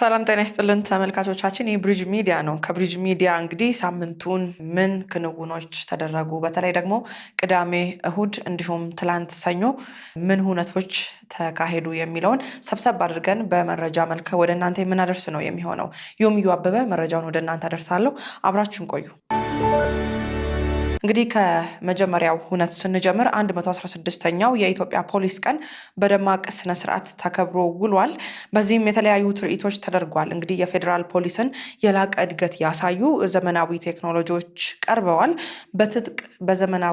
ሰላም ጤና ይስጥልን ተመልካቾቻችን፣ ይህ ብሪጅ ሚዲያ ነው። ከብሪጅ ሚዲያ እንግዲህ ሳምንቱን ምን ክንውኖች ተደረጉ፣ በተለይ ደግሞ ቅዳሜ፣ እሁድ እንዲሁም ትላንት ሰኞ ምን ሁነቶች ተካሄዱ የሚለውን ሰብሰብ አድርገን በመረጃ መልክ ወደ እናንተ የምናደርስ ነው የሚሆነው። ይሁም እዩ አበበ መረጃውን ወደ እናንተ አደርሳለሁ። አብራችሁን ቆዩ። እንግዲህ ከመጀመሪያው ሁነት ስንጀምር 116ኛው የኢትዮጵያ ፖሊስ ቀን በደማቅ ስነስርዓት ተከብሮ ውሏል። በዚህም የተለያዩ ትርኢቶች ተደርጓል። እንግዲህ የፌዴራል ፖሊስን የላቀ እድገት ያሳዩ ዘመናዊ ቴክኖሎጂዎች ቀርበዋል። በትጥቅ በዘመናዊ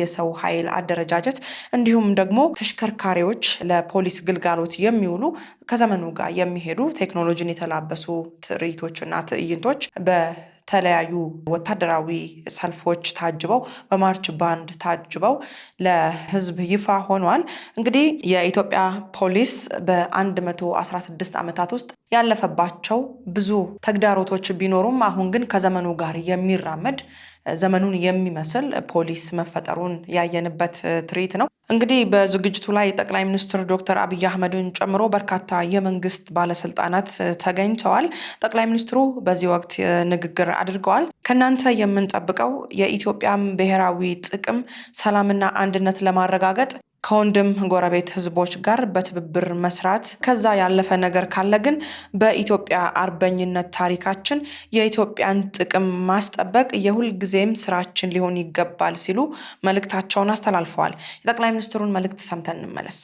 የሰው ኃይል አደረጃጀት እንዲሁም ደግሞ ተሽከርካሪዎች ለፖሊስ ግልጋሎት የሚውሉ ከዘመኑ ጋር የሚሄዱ ቴክኖሎጂን የተላበሱ እና ትዕይንቶች በ በተለያዩ ወታደራዊ ሰልፎች ታጅበው በማርች ባንድ ታጅበው ለህዝብ ይፋ ሆኗል። እንግዲህ የኢትዮጵያ ፖሊስ በ116 ዓመታት ውስጥ ያለፈባቸው ብዙ ተግዳሮቶች ቢኖሩም አሁን ግን ከዘመኑ ጋር የሚራመድ ዘመኑን የሚመስል ፖሊስ መፈጠሩን ያየንበት ትርኢት ነው። እንግዲህ በዝግጅቱ ላይ ጠቅላይ ሚኒስትር ዶክተር አብይ አህመድን ጨምሮ በርካታ የመንግስት ባለስልጣናት ተገኝተዋል። ጠቅላይ ሚኒስትሩ በዚህ ወቅት ንግግር አድርገዋል። ከእናንተ የምንጠብቀው የኢትዮጵያን ብሔራዊ ጥቅም ሰላምና አንድነት ለማረጋገጥ ከወንድም ጎረቤት ህዝቦች ጋር በትብብር መስራት። ከዛ ያለፈ ነገር ካለ ግን በኢትዮጵያ አርበኝነት ታሪካችን የኢትዮጵያን ጥቅም ማስጠበቅ የሁልጊዜም ስራችን ሊሆን ይገባል ሲሉ መልእክታቸውን አስተላልፈዋል። የጠቅላይ ሚኒስትሩን መልእክት ሰምተን እንመለስ።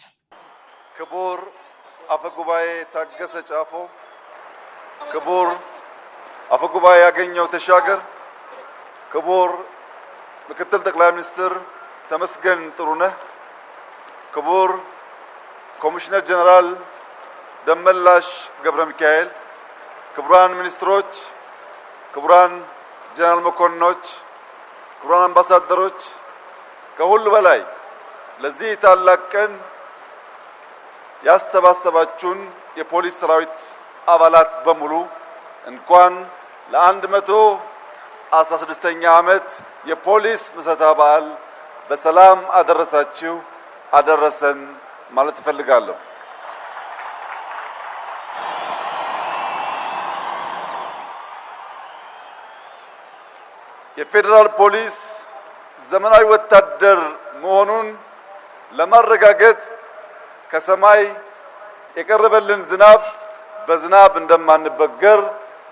ክቡር አፈ ጉባኤ ታገሰ ጫፎ፣ ክቡር አፈ ጉባኤ ያገኘው ተሻገር፣ ክቡር ምክትል ጠቅላይ ሚኒስትር ተመስገን ጥሩነህ ክቡር ኮሚሽነር ጀነራል ደመላሽ ገብረ ሚካኤል፣ ክቡራን ሚኒስትሮች፣ ክቡራን ጀነራል መኮንኖች፣ ክቡራን አምባሳደሮች፣ ከሁሉ በላይ ለዚህ ታላቅ ቀን ያሰባሰባችሁን የፖሊስ ሰራዊት አባላት በሙሉ እንኳን ለአንድ መቶ አስራ ስድስተኛ ዓመት የፖሊስ ምስረታ በዓል በሰላም አደረሳችሁ። አደረሰን ማለት እፈልጋለሁ። የፌዴራል ፖሊስ ዘመናዊ ወታደር መሆኑን ለማረጋገጥ ከሰማይ የቀረበልን ዝናብ በዝናብ እንደማንበገር፣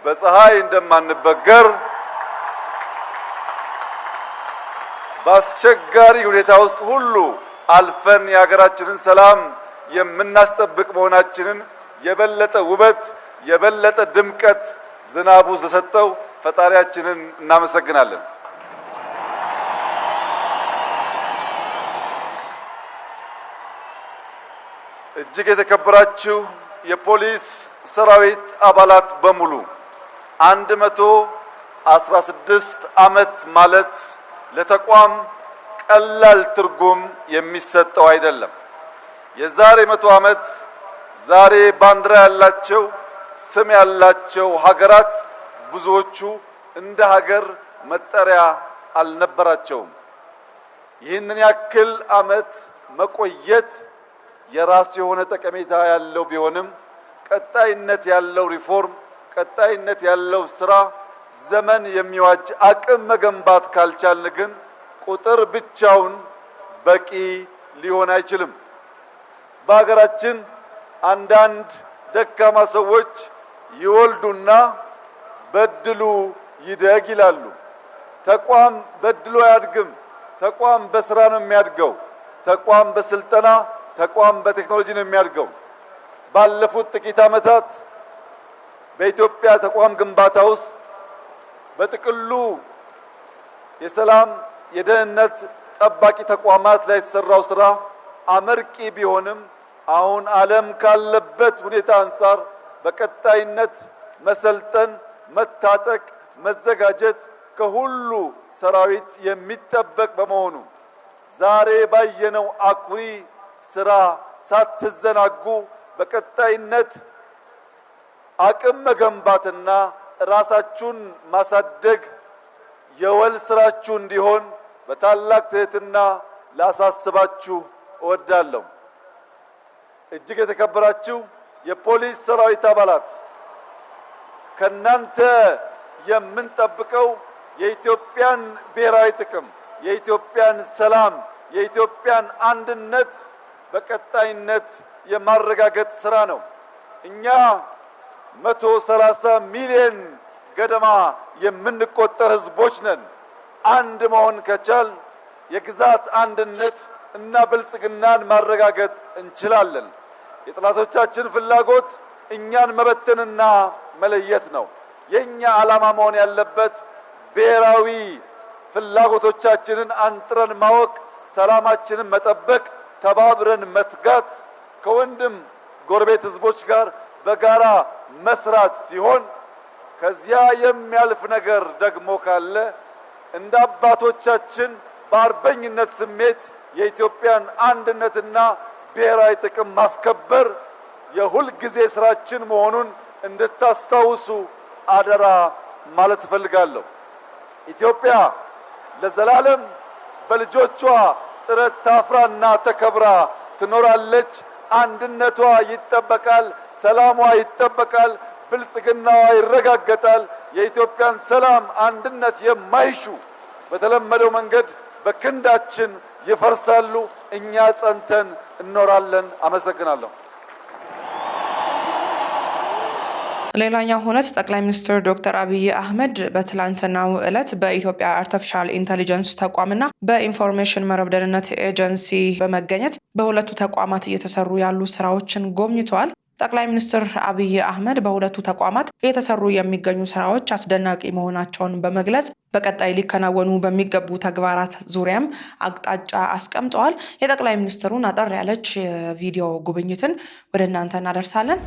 በፀሐይ እንደማንበገር፣ በአስቸጋሪ ሁኔታ ውስጥ ሁሉ አልፈን የሀገራችንን ሰላም የምናስጠብቅ መሆናችንን የበለጠ ውበት የበለጠ ድምቀት ዝናቡ ስለሰጠው ፈጣሪያችንን እናመሰግናለን። እጅግ የተከበራችሁ የፖሊስ ሰራዊት አባላት በሙሉ አንድ መቶ አስራ ስድስት ዓመት ማለት ለተቋም ቀላል ትርጉም የሚሰጠው አይደለም። የዛሬ መቶ ዓመት ዛሬ ባንዲራ ያላቸው ስም ያላቸው ሀገራት ብዙዎቹ እንደ ሀገር መጠሪያ አልነበራቸውም። ይህንን ያክል ዓመት መቆየት የራሱ የሆነ ጠቀሜታ ያለው ቢሆንም ቀጣይነት ያለው ሪፎርም፣ ቀጣይነት ያለው ስራ ዘመን የሚዋጅ አቅም መገንባት ካልቻልን ግን ቁጥር ብቻውን በቂ ሊሆን አይችልም። በሀገራችን አንዳንድ ደካማ ሰዎች ይወልዱና በድሉ ይደግ ይላሉ። ተቋም በድሎ አያድግም። ተቋም በስራ ነው የሚያድገው። ተቋም በስልጠና ተቋም በቴክኖሎጂ ነው የሚያድገው። ባለፉት ጥቂት ዓመታት በኢትዮጵያ ተቋም ግንባታ ውስጥ በጥቅሉ የሰላም የደህንነት ጠባቂ ተቋማት ላይ የተሰራው ስራ አመርቂ ቢሆንም አሁን ዓለም ካለበት ሁኔታ አንጻር በቀጣይነት መሰልጠን፣ መታጠቅ፣ መዘጋጀት ከሁሉ ሰራዊት የሚጠበቅ በመሆኑ ዛሬ ባየነው አኩሪ ስራ ሳትዘናጉ በቀጣይነት አቅም መገንባትና ራሳችሁን ማሳደግ የወል ስራችሁ እንዲሆን በታላቅ ትህትና ላሳስባችሁ እወዳለሁ። እጅግ የተከበራችሁ የፖሊስ ሰራዊት አባላት ከናንተ የምንጠብቀው የኢትዮጵያን ብሔራዊ ጥቅም፣ የኢትዮጵያን ሰላም፣ የኢትዮጵያን አንድነት በቀጣይነት የማረጋገጥ ስራ ነው። እኛ መቶ ሰላሳ ሚሊዮን ገደማ የምንቆጠር ህዝቦች ነን። አንድ መሆን ከቻል የግዛት አንድነት እና ብልጽግናን ማረጋገጥ እንችላለን። የጥላቶቻችን ፍላጎት እኛን መበተንና መለየት ነው። የኛ ዓላማ መሆን ያለበት ብሔራዊ ፍላጎቶቻችንን አንጥረን ማወቅ፣ ሰላማችንን መጠበቅ፣ ተባብረን መትጋት፣ ከወንድም ጎረቤት ህዝቦች ጋር በጋራ መስራት ሲሆን ከዚያ የሚያልፍ ነገር ደግሞ ካለ እንደ አባቶቻችን በአርበኝነት ስሜት የኢትዮጵያን አንድነትና ብሔራዊ ጥቅም ማስከበር የሁል ጊዜ ስራችን መሆኑን እንድታስታውሱ አደራ ማለት እፈልጋለሁ። ኢትዮጵያ ለዘላለም በልጆቿ ጥረት ታፍራና ተከብራ ትኖራለች። አንድነቷ ይጠበቃል፣ ሰላሟ ይጠበቃል፣ ብልጽግናዋ ይረጋገጣል። የኢትዮጵያን ሰላም፣ አንድነት የማይሹ በተለመደው መንገድ በክንዳችን ይፈርሳሉ። እኛ ጸንተን እንኖራለን። አመሰግናለሁ። ሌላኛው ሁነት ጠቅላይ ሚኒስትር ዶክተር አብይ አህመድ በትላንትናው ዕለት በኢትዮጵያ አርቲፊሻል ኢንተሊጀንስ ተቋምና በኢንፎርሜሽን መረብ ደህንነት ኤጀንሲ በመገኘት በሁለቱ ተቋማት እየተሰሩ ያሉ ስራዎችን ጎብኝተዋል። ጠቅላይ ሚኒስትር አብይ አህመድ በሁለቱ ተቋማት እየተሰሩ የሚገኙ ስራዎች አስደናቂ መሆናቸውን በመግለጽ በቀጣይ ሊከናወኑ በሚገቡ ተግባራት ዙሪያም አቅጣጫ አስቀምጠዋል። የጠቅላይ ሚኒስትሩን አጠር ያለች ቪዲዮ ጉብኝትን ወደ እናንተ እናደርሳለን።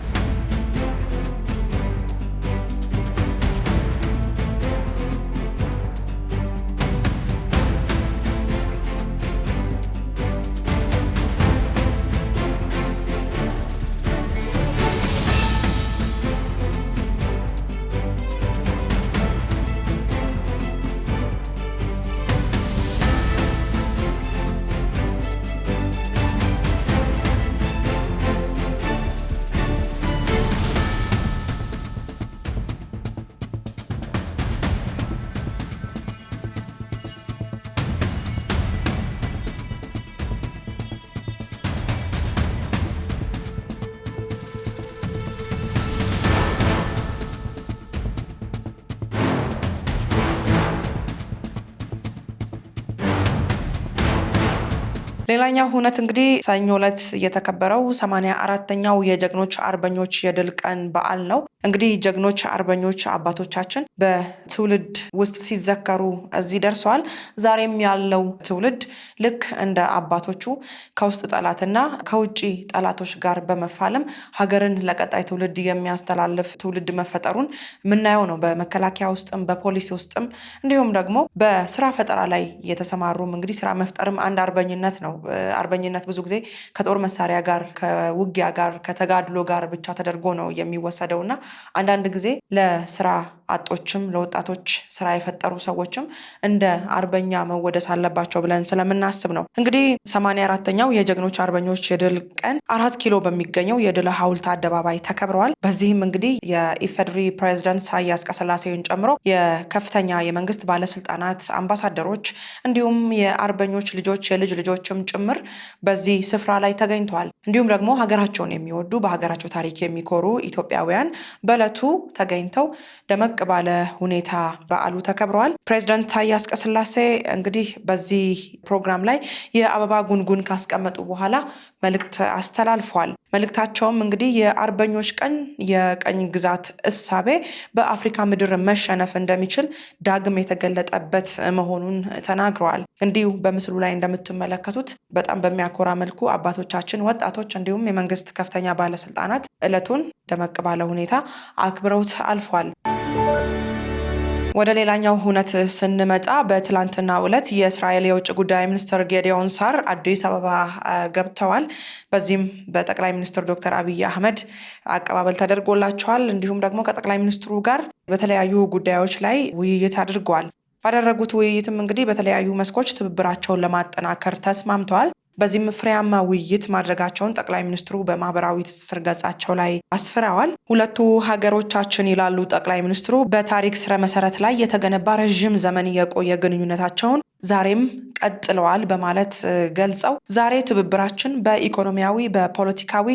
ሌላኛው ሁነት እንግዲህ ሰኞ ዕለት የተከበረው ሰማንያ አራተኛው የጀግኖች አርበኞች የድል ቀን በዓል ነው። እንግዲህ ጀግኖች አርበኞች አባቶቻችን በትውልድ ውስጥ ሲዘከሩ እዚህ ደርሰዋል። ዛሬም ያለው ትውልድ ልክ እንደ አባቶቹ ከውስጥ ጠላትና ከውጭ ጠላቶች ጋር በመፋለም ሀገርን ለቀጣይ ትውልድ የሚያስተላልፍ ትውልድ መፈጠሩን የምናየው ነው። በመከላከያ ውስጥም በፖሊሲ ውስጥም እንዲሁም ደግሞ በስራ ፈጠራ ላይ የተሰማሩም እንግዲህ ስራ መፍጠርም አንድ አርበኝነት ነው። ነው። አርበኝነት ብዙ ጊዜ ከጦር መሳሪያ ጋር፣ ከውጊያ ጋር፣ ከተጋድሎ ጋር ብቻ ተደርጎ ነው የሚወሰደው እና አንዳንድ ጊዜ ለስራ አጦችም ለወጣቶች ስራ የፈጠሩ ሰዎችም እንደ አርበኛ መወደስ አለባቸው ብለን ስለምናስብ ነው። እንግዲህ ሰማንያ አራተኛው የጀግኖች አርበኞች የድል ቀን አራት ኪሎ በሚገኘው የድል ሐውልት አደባባይ ተከብረዋል። በዚህም እንግዲህ የኢፌድሪ ፕሬዚደንት ኢሳያስ ቀስላሴን ጨምሮ የከፍተኛ የመንግስት ባለስልጣናት፣ አምባሳደሮች እንዲሁም የአርበኞች ልጆች የልጅ ልጆችም ጭምር በዚህ ስፍራ ላይ ተገኝተዋል። እንዲሁም ደግሞ ሀገራቸውን የሚወዱ በሀገራቸው ታሪክ የሚኮሩ ኢትዮጵያውያን በዕለቱ ተገኝተው ደመቅ ደመቅ ባለ ሁኔታ በዓሉ ተከብረዋል። ፕሬዚደንት ታዬ አጽቀሥላሴ እንግዲህ በዚህ ፕሮግራም ላይ የአበባ ጉንጉን ካስቀመጡ በኋላ መልእክት አስተላልፏል። መልእክታቸውም እንግዲህ የአርበኞች ቀን የቀኝ ግዛት እሳቤ በአፍሪካ ምድር መሸነፍ እንደሚችል ዳግም የተገለጠበት መሆኑን ተናግረዋል። እንዲሁ በምስሉ ላይ እንደምትመለከቱት በጣም በሚያኮራ መልኩ አባቶቻችን፣ ወጣቶች እንዲሁም የመንግስት ከፍተኛ ባለስልጣናት እለቱን ደመቅ ባለ ሁኔታ አክብረውት አልፏል። ወደ ሌላኛው ሁነት ስንመጣ በትላንትና ዕለት የእስራኤል የውጭ ጉዳይ ሚኒስትር ጌዲዮን ሳር አዲስ አበባ ገብተዋል። በዚህም በጠቅላይ ሚኒስትር ዶክተር አብይ አህመድ አቀባበል ተደርጎላቸዋል። እንዲሁም ደግሞ ከጠቅላይ ሚኒስትሩ ጋር በተለያዩ ጉዳዮች ላይ ውይይት አድርገዋል። ባደረጉት ውይይትም እንግዲህ በተለያዩ መስኮች ትብብራቸውን ለማጠናከር ተስማምተዋል። በዚህም ፍሬያማ ውይይት ማድረጋቸውን ጠቅላይ ሚኒስትሩ በማህበራዊ ትስስር ገጻቸው ላይ አስፍረዋል። ሁለቱ ሀገሮቻችን ይላሉ ጠቅላይ ሚኒስትሩ በታሪክ ስረ መሰረት ላይ የተገነባ ረዥም ዘመን የቆየ ግንኙነታቸውን ዛሬም ቀጥለዋል በማለት ገልጸው ዛሬ ትብብራችን በኢኮኖሚያዊ፣ በፖለቲካዊ፣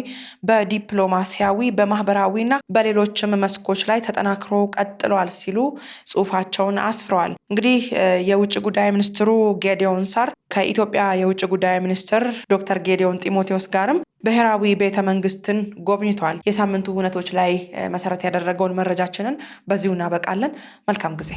በዲፕሎማሲያዊ፣ በማህበራዊና በሌሎችም መስኮች ላይ ተጠናክሮ ቀጥለዋል ሲሉ ጽሁፋቸውን አስፍረዋል። እንግዲህ የውጭ ጉዳይ ሚኒስትሩ ጌዲዮን ሳር ከኢትዮጵያ የውጭ ጉዳይ ሚኒስትር ዶክተር ጌዲዮን ጢሞቴዎስ ጋርም ብሔራዊ ቤተ መንግስትን ጎብኝቷል። የሳምንቱ ሁነቶች ላይ መሰረት ያደረገውን መረጃችንን በዚሁ እናበቃለን። መልካም ጊዜ